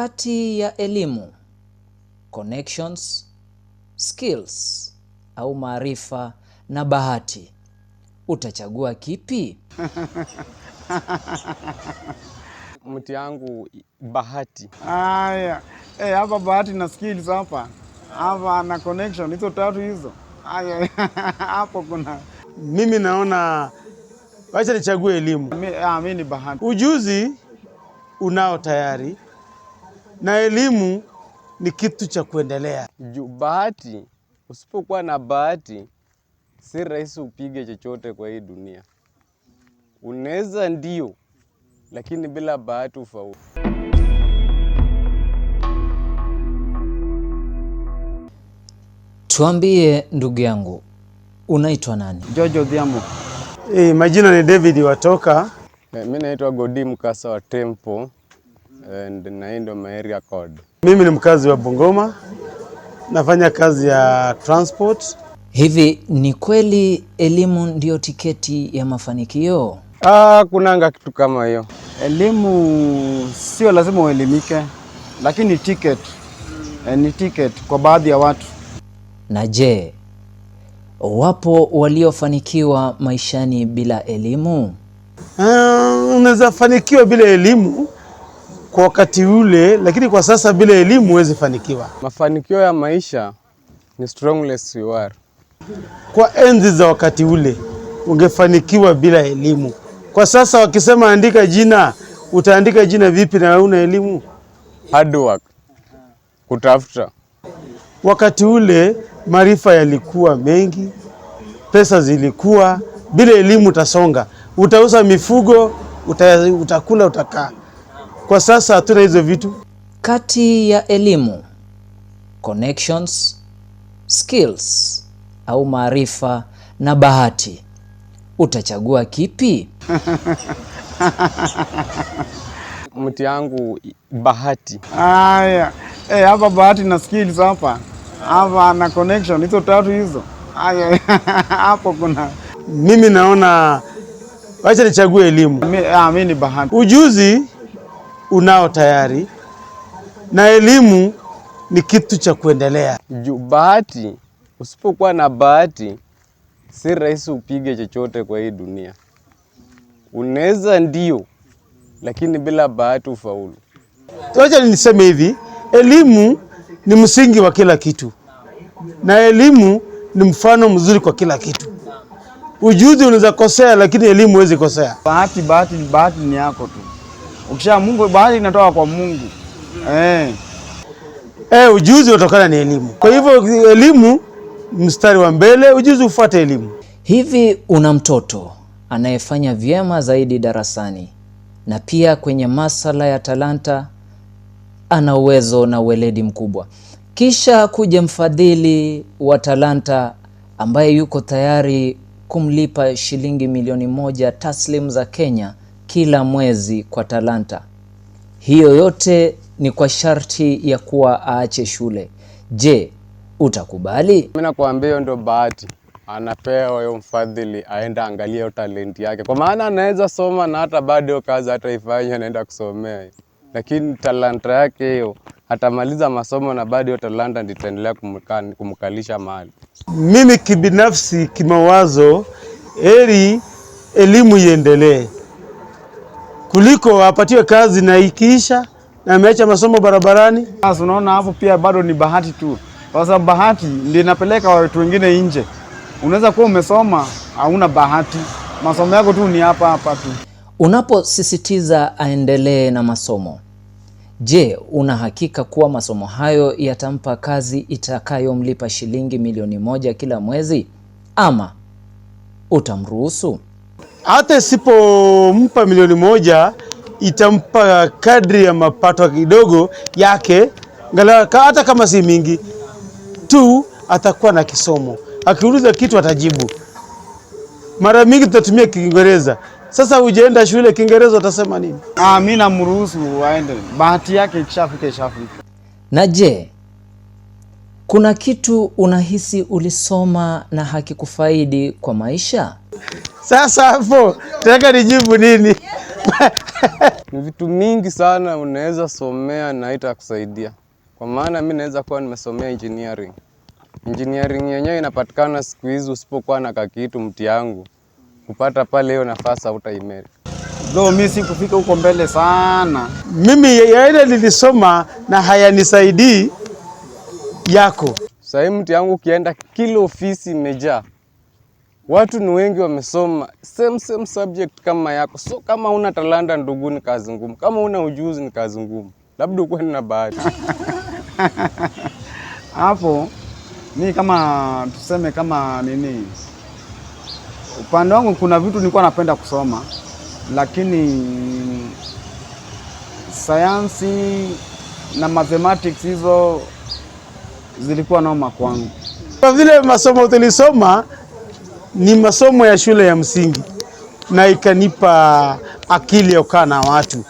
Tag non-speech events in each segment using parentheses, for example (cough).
kati ya elimu, connections, skills au maarifa na bahati, utachagua kipi? (laughs) Mti yangu bahati. Haya, eh, hapa bahati na skills hapa hapa na connection, hizo tatu hizo. Haya, (laughs) hapo kuna mimi naona, wacha nichague elimu. Mimi ah, ni bahati. Ujuzi unao tayari na elimu ni kitu cha kuendelea juu bahati. Usipokuwa na bahati, si rahisi upige chochote kwa hii dunia. Unaweza ndio, lakini bila bahati ufaulu. Tuambie ndugu yangu, unaitwa nani? Jojo Odhiambo. Eh, majina ni David Watoka. Mimi eh, naitwa Godi Mkasa wa Tempo and na hii area code. Mimi ni mkazi wa Bungoma, nafanya kazi ya transport. Hivi ni kweli elimu ndiyo tiketi ya mafanikio? Ah, kunanga kitu kama hiyo. Elimu sio lazima uelimike, lakini tiketi eh, ni ticket kwa baadhi ya watu. Na je, wapo waliofanikiwa maishani bila elimu? Uh, unaweza fanikiwa bila elimu kwa wakati ule, lakini kwa sasa bila elimu huwezi fanikiwa. Mafanikio ya maisha ni strongless you are. Kwa enzi za wakati ule ungefanikiwa bila elimu. Kwa sasa wakisema andika jina, utaandika jina vipi na una elimu? Hard work. Kutafuta. Wakati ule maarifa yalikuwa mengi, pesa zilikuwa, bila elimu utasonga, utauza mifugo, uta, utakula, utakaa kwa sasa hatuna hizo vitu. Kati ya elimu, connections, skills au maarifa na bahati, utachagua kipi? (laughs) Mti yangu bahati. Haya, eh, hapa bahati na skills hapa hapa na connection, hizo tatu hizo. Haya, (laughs) hapo kuna mimi naona, wacha nichague elimu. Mimi ah, ni bahati, ujuzi unao tayari, na elimu ni kitu cha kuendelea juu. Bahati, usipokuwa na bahati, si rahisi upige chochote kwa hii dunia. Unaweza ndio, lakini bila bahati ufaulu. Acha niseme hivi, elimu ni msingi wa kila kitu, na elimu ni mfano mzuri kwa kila kitu. Ujuzi unaweza kosea, lakini elimu huwezi kosea. Bahati bahati bahati ni yako tu ukisha Mungu, bahari inatoka kwa Mungu eh. Eh, ujuzi utokana ni elimu. Kwa hivyo elimu mstari wa mbele, ujuzi ufuate elimu. Hivi una mtoto anayefanya vyema zaidi darasani na pia kwenye masala ya talanta ana uwezo na uweledi mkubwa, kisha kuja mfadhili wa talanta ambaye yuko tayari kumlipa shilingi milioni moja taslim za Kenya kila mwezi kwa talanta. Hiyo yote ni kwa sharti ya kuwa aache shule. Je, utakubali? Mimi nakwambia ndio bahati anapewa hiyo mfadhili, aenda angalie hiyo talenti yake, kwa maana anaweza soma na hata bado kazi hata ifanye anaenda kusomea, lakini talanta yake hiyo atamaliza masomo na bado hiyo talanta nditaendelea kumkalisha mali. Mimi kibinafsi, kimawazo, eli elimu iendelee kuliko apatiwe kazi na ikiisha na ameacha masomo barabarani. unaona hapo pia bado ni bahati tu, kwa sababu bahati ndio inapeleka watu wengine nje. Unaweza kuwa umesoma hauna bahati, masomo yako tu ni hapa hapa tu. Unaposisitiza aendelee na masomo, je, una hakika kuwa masomo hayo yatampa kazi itakayomlipa shilingi milioni moja kila mwezi ama utamruhusu? hata isipompa milioni moja itampa kadri ya mapato kidogo yake, hata kama si mingi tu, atakuwa na kisomo. Akiuliza kitu atajibu. Mara mingi tutatumia Kiingereza. Sasa ujaenda shule, Kiingereza utasema nini? Ah, mimi namruhusu aende, bahati yake ikishafika ishafika. Na je, kuna kitu unahisi ulisoma na hakikufaidi kwa maisha? Sasa hapo nataka nijibu nini? Ni vitu mingi sana unaweza somea na itakusaidia, kwa maana mi naweza kuwa nimesomea engineering. Engineering yenyewe inapatikana siku hizi, usipokuwa na kakitu mti yangu kupata pale hiyo nafasi hautaimeri. Lo, mimi sikufika huko mbele sana. Mimi yaile nilisoma na hayanisaidii yako. Sasa hivi mti yangu ukienda kila ofisi imejaa Watu ni wengi wamesoma same same subject kama yako, so kama una talanta ndugu, ni kazi ngumu. Kama una ujuzi ni kazi ngumu, labda ukuwe na bahati (laughs) hapo. Mi kama tuseme kama nini, upande wangu kuna vitu nilikuwa napenda kusoma, lakini sayansi na mathematics hizo zilikuwa noma kwangu, kwa vile masomo tulisoma ni masomo ya shule ya msingi na ikanipa akili ya kukaa na watu.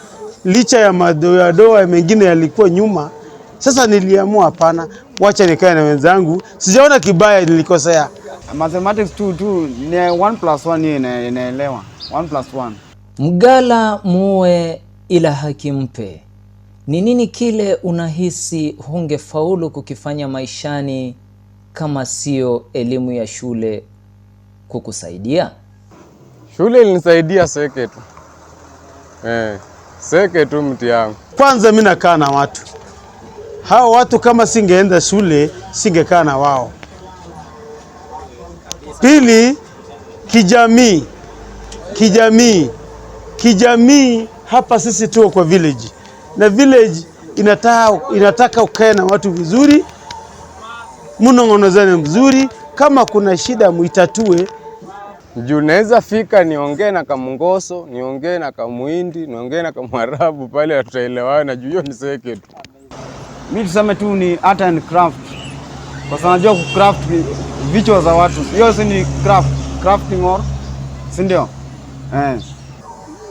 Licha ya madoadoa mengine yalikuwa nyuma, sasa niliamua hapana, wacha nikae na wenzangu. Sijaona kibaya nilikosea. Mathematics tu tu ni 1 plus 1, hiyo inaelewa 1 plus 1. Mgala muwe ila haki mpe. Ni nini kile unahisi hungefaulu kukifanya maishani kama sio elimu ya shule kukusaidia? Shule ilinisaidia seke tu eh, seke tu mti yangu. Kwanza mimi nakaa na watu hao, watu kama singeenda shule singekaa na wao. Pili, kijamii, kijamii, kijamii. Hapa sisi tuko kwa village na village inataka, inataka ukae na watu vizuri, mnong'onozane mzuri. Kama kuna shida muitatue juu naweza fika niongee na Kamungoso, niongee na Kamuhindi, niongee na Kamwarabu pale, hatutaelewana juu hiyo ni seke tu. Mimi tuseme tu ni art and craft, kwa sababu najua ku craft vichwa za watu, hiyo si ni craft, crafting or si ndio? Eh,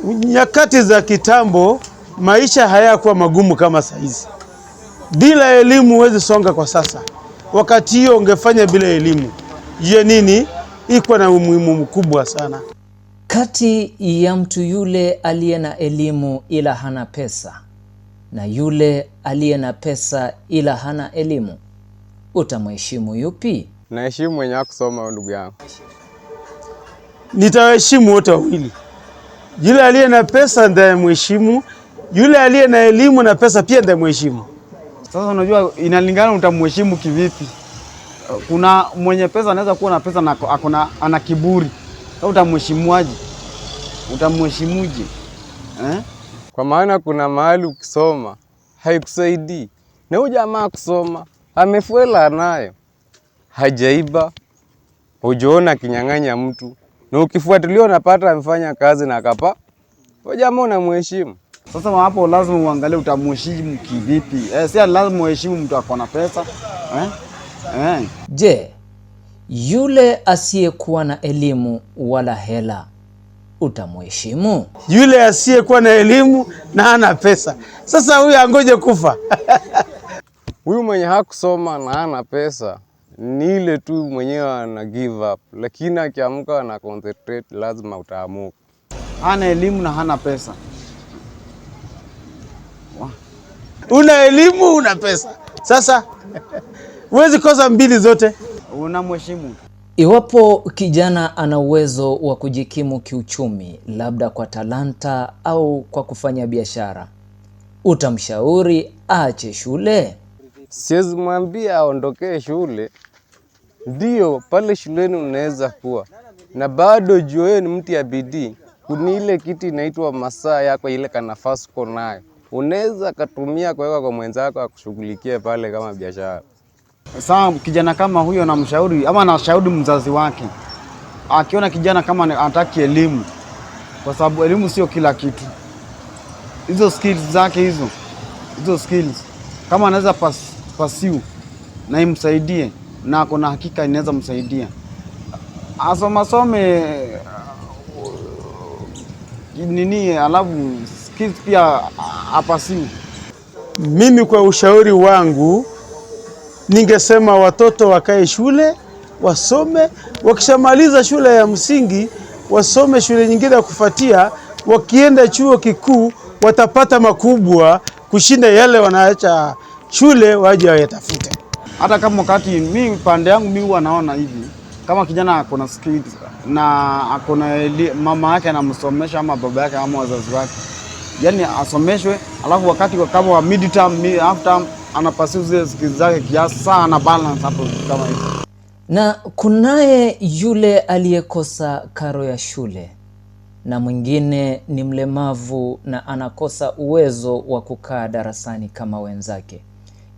nyakati za kitambo maisha hayakuwa magumu kama saizi. Bila elimu huwezi songa kwa sasa, wakati hiyo ungefanya bila elimu. Je, nini iko na umuhimu mkubwa sana. Kati ya mtu yule aliye na elimu ila hana pesa na yule aliye na pesa ila hana elimu, utamheshimu yupi? Naheshimu mwenye akusoma ndugu yangu. Nitaheshimu wote wawili, yule aliye na pesa mheshimu, yule aliye na elimu na pesa pia mheshimu. Sasa unajua inalingana utamheshimu kivipi? kuna mwenye pesa anaweza kuwa na pesa na akona ana kiburi, sasa utamheshimuaje? Utamheshimuje eh? Kwa maana kuna mahali ukisoma haikusaidii, na huyu jamaa kusoma amefuela nayo hajaiba, hujaona akinyang'anya mtu, na ukifuatilia unapata amefanya kazi na akapa. Huyu jamaa unamheshimu. Sasa hapo lazima uangalie utamheshimu kivipi? Eh, si lazima uheshimu mtu akona pesa eh? Je, yule asiyekuwa na elimu wala hela utamheshimu? Yule asiyekuwa na elimu na hana pesa, sasa huyu angoje kufa? (laughs) Huyu mwenye hakusoma na hana pesa ni ile tu mwenyewe ana give up, lakini akiamka na concentrate, lazima utaamuka. Hana elimu na hana pesa. Una elimu una pesa sasa (laughs) Huwezi kosa mbili zote, unamheshimu. Iwapo kijana ana uwezo wa kujikimu kiuchumi, labda kwa talanta au kwa kufanya biashara, utamshauri aache shule? Siwezi mwambia aondokee shule. ndio pale shuleni unaweza kuwa na bado juu wewe ni mtu ya bidii. Kuna ile kitu inaitwa masaa yako, ile kanafasi uko nayo unaweza katumia kuweka kwa mwenzako akushughulikie pale kama biashara. Sasa kijana kama huyo namshauri ama nashauri mzazi wake, akiona kijana kama anataki elimu, kwa sababu elimu sio kila kitu. Hizo skills zake hizo hizo skills kama anaweza pas, pasiu na imsaidie, na ako na hakika inaweza msaidia asomasome uh, nini, alafu skills pia uh, apasiu. Mimi kwa ushauri wangu Ningesema watoto wakae shule wasome, wakishamaliza shule ya msingi wasome shule nyingine ya kufuatia, wakienda chuo kikuu watapata makubwa kushinda yale wanaacha shule waje wayatafute. Hata kama wakati mi pande yangu mi huwa naona hivi, kama kijana akona skills na akona mama yake anamsomesha ama baba yake ama wazazi wake, yani asomeshwe, alafu wakati kama wa midterm, after anapasifu zile skills zake kiasi sana balance hapo kama hivi. Na kunaye yule aliyekosa karo ya shule na mwingine ni mlemavu na anakosa uwezo wa kukaa darasani kama wenzake,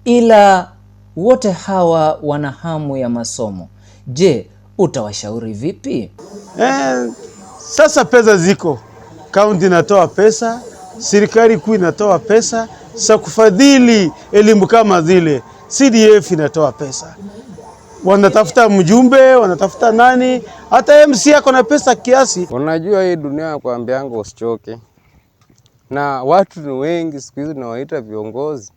ila wote hawa wana hamu ya masomo. Je, utawashauri vipi? Eh, sasa pesa ziko, kaunti inatoa pesa, serikali kuu inatoa pesa za kufadhili elimu kama zile. CDF inatoa pesa, wanatafuta mjumbe, wanatafuta nani, hata MC yako na pesa kiasi. Unajua hii dunia ya kuambiangu usichoke, na watu ni wengi siku hizi nawaita viongozi.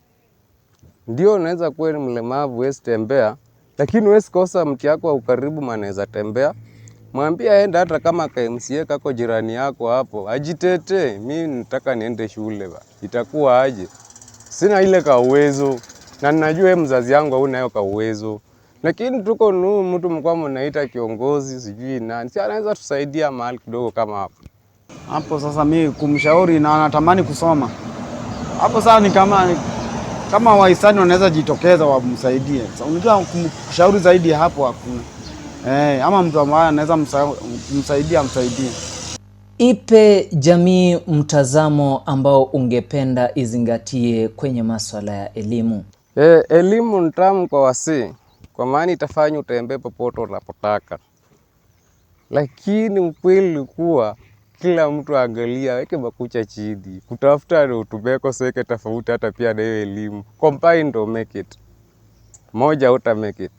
Ndio, unaweza kuwa ni mlemavu, huwezi tembea, lakini huwezi kosa mti yako wa ukaribu manaweza tembea Mwambie aende hata kama KMCA kako jirani yako hapo, ajitete, Mimi nataka niende shule ba, itakuwa aje? sina ile ka uwezo, na ninajua mzazi yangu nayo ka uwezo, lakini tuko nu mtu mkwa mnaita kiongozi sijui nani, si anaweza tusaidia mahali kidogo kama hapo hapo. Sasa mi kumshauri na anatamani kusoma hapo, sasa ni kama kama wahisani wanaweza jitokeza wamsaidie. Sasa unajua kumshauri zaidi hapo hakuna eh, ama mtu ambaye anaweza msa, kumsaidia amsaidie. Ipe jamii mtazamo ambao ungependa izingatie kwenye masuala ya elimu. E, elimu ni tamu kwa wasi kwa maana itafanya utembee popote unapotaka, lakini ukweli kuwa kila mtu aangalia weke makucha chini kutafuta na utumeko seke tofauti, hata pia na hiyo elimu combined ndo make it moja, uta make it.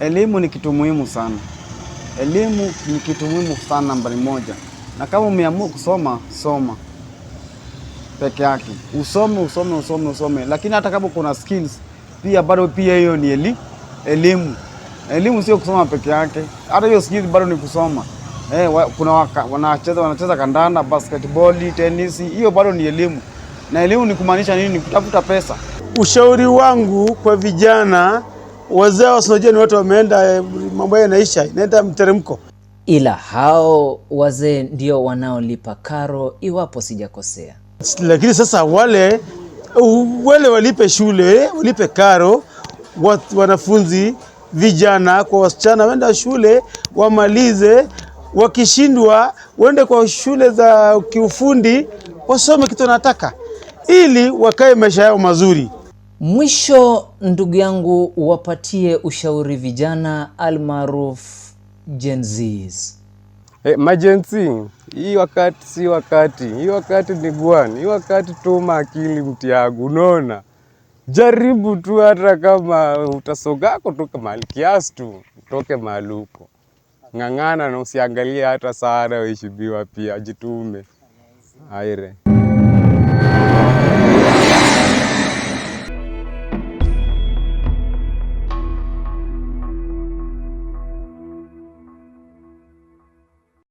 Elimu ni kitu muhimu sana, elimu ni kitu muhimu sana nambari moja na kama umeamua kusoma soma peke yake, usome usome usome usome, lakini hata kama kuna skills pia bado pia hiyo ni eli, elimu. Elimu sio kusoma peke yake, hata hiyo skills bado ni kusoma. Eh, wa, kuna waka, wanacheza wanacheza kandanda, basketball, tenisi, hiyo bado ni elimu. Na elimu ni kumaanisha nini? Ni kutafuta pesa. Ushauri wangu kwa vijana, wazee wasinojua ni watu wameenda, eh, mambo yanaisha, inaenda mteremko ila hao wazee ndio wanaolipa karo, iwapo sijakosea. Lakini sasa wale wale walipe shule, walipe karo, wanafunzi vijana kwa wasichana waenda shule wamalize, wakishindwa waende kwa shule za kiufundi wasome kitu wanataka, ili wakae maisha yao mazuri. Mwisho, ndugu yangu, wapatie ushauri vijana almaarufu Gen Zs? Hey, eh, majenzi hii wakati si wakati, hii wakati ni gwani, hii wakati tuma akili mtiagu, unaona, jaribu tu, hata kama utasogako tu mahali kiasi tu, utoke mahali ng'ang'ana na usiangalie hata sana, uishibiwa pia, jitume aire